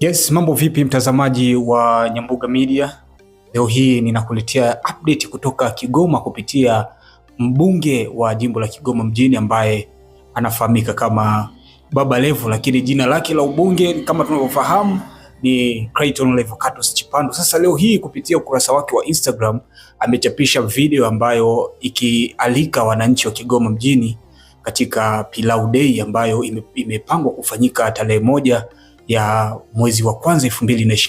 Yes, mambo vipi mtazamaji wa Nyambuga Media? Leo hii ninakuletea update kutoka Kigoma kupitia mbunge wa jimbo la Kigoma mjini ambaye anafahamika kama Baba Levo, lakini jina lake la ubunge kama tunavyofahamu ni Clayton Levocatus Chipando. Sasa leo hii kupitia ukurasa wake wa Instagram amechapisha video ambayo ikialika wananchi wa Kigoma mjini katika Pilau Day ambayo imepangwa kufanyika tarehe moja ya mwezi wa kwanza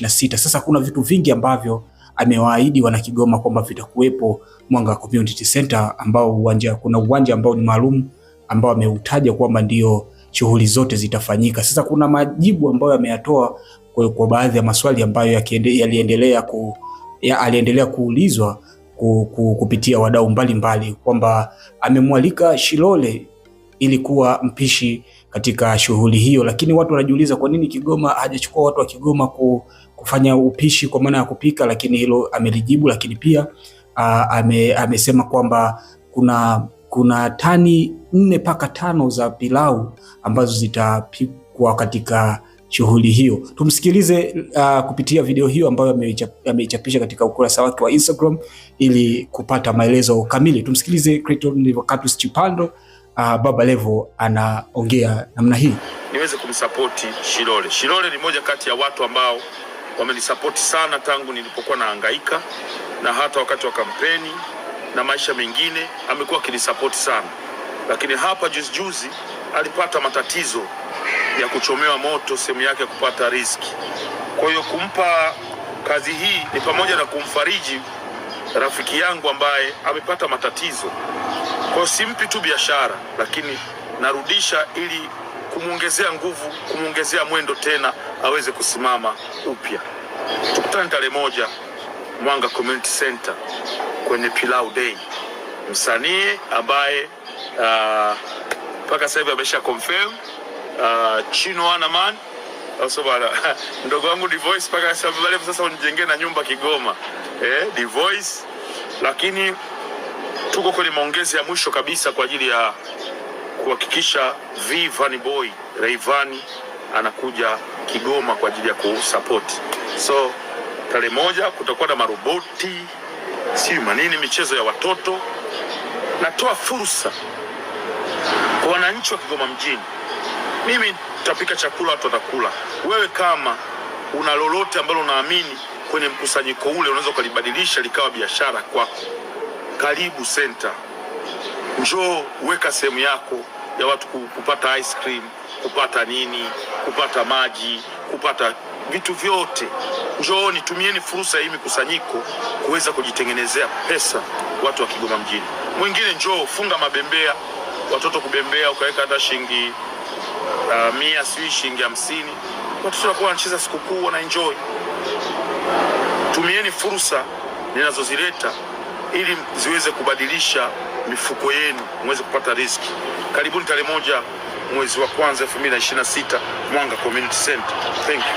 sita. Sasa kuna vitu vingi ambavyo amewaahidi wanakigoma kwamba vitakuwepo Mwanga Community Center, ambao uwanja, kuna uwanja ambao ni maalum ambao ameutaja kwamba ndio shughuli zote zitafanyika. Sasa kuna majibu ambayo ameyatoa kwa, kwa baadhi ya maswali ambayo yaliendelea ku, ya aliendelea kuulizwa ku, ku, kupitia wadau mbalimbali kwamba amemwalika Shilole ili kuwa mpishi katika shughuli hiyo, lakini watu wanajiuliza kwa nini Kigoma hajachukua watu wa Kigoma kufanya upishi kwa maana ya kupika, lakini hilo amelijibu. Lakini pia uh, ame, amesema kwamba kuna kuna tani nne mpaka tano za pilau ambazo zitapikwa katika shughuli hiyo. Tumsikilize uh, kupitia video hiyo ambayo ameichapisha katika ukurasa wake wa Instagram ili kupata maelezo kamili. Tumsikilize Clayton Nivocatus Chipando uh, Baba Levo anaongea namna hii. Niweze kumsapoti Shilole. Shilole ni moja kati ya watu ambao wamenisapoti sana tangu nilipokuwa naangaika na hata wakati wa kampeni na maisha mengine amekuwa akinisapoti sana, lakini hapa juzi juzi alipata matatizo ya kuchomewa moto sehemu yake ya kupata riski Kwa hiyo kumpa kazi hii ni pamoja na kumfariji rafiki yangu ambaye amepata matatizo. Kwa simpi tu biashara, lakini narudisha ili kumwongezea nguvu, kumwongezea mwendo tena aweze kusimama upya. Tukutane tarehe moja Mwanga Community Center kwenye Pilau Day. Msanii ambaye uh, mpaka sasa hivi amesha confirm uh, Chino Anaman bana ndogo wangu Voice mpaka sasa unijengee na nyumba Kigoma eh, Voice lakini Tuko kwenye maongezi ya mwisho kabisa kwa ajili ya kuhakikisha Vanny Boy Rayvanny anakuja Kigoma kwa ajili ya kusapoti. So tarehe moja kutakuwa na maroboti, si manini, michezo ya watoto. Natoa fursa kwa wananchi wa Kigoma mjini. Mimi nitapika chakula, watu watakula. Wewe kama una lolote ambalo unaamini kwenye mkusanyiko ule, unaweza ukalibadilisha likawa biashara kwako karibu senta, njoo weka sehemu yako ya watu kupata ice cream, kupata nini, kupata maji, kupata vitu vyote. Njooni, tumieni fursa hii mikusanyiko kuweza kujitengenezea pesa, watu wa Kigoma mjini. Mwingine njoo funga mabembea, watoto kubembea, ukaweka hata shilingi uh, mia, sijui shilingi hamsini, watoto wanakuwa wanacheza sikukuu, wana enjoy. Tumieni fursa ninazozileta ili ziweze kubadilisha mifuko yenu muweze kupata riski. Karibuni tarehe moja mwezi wa kwanza 2026 Mwanga Community Center. Thank you.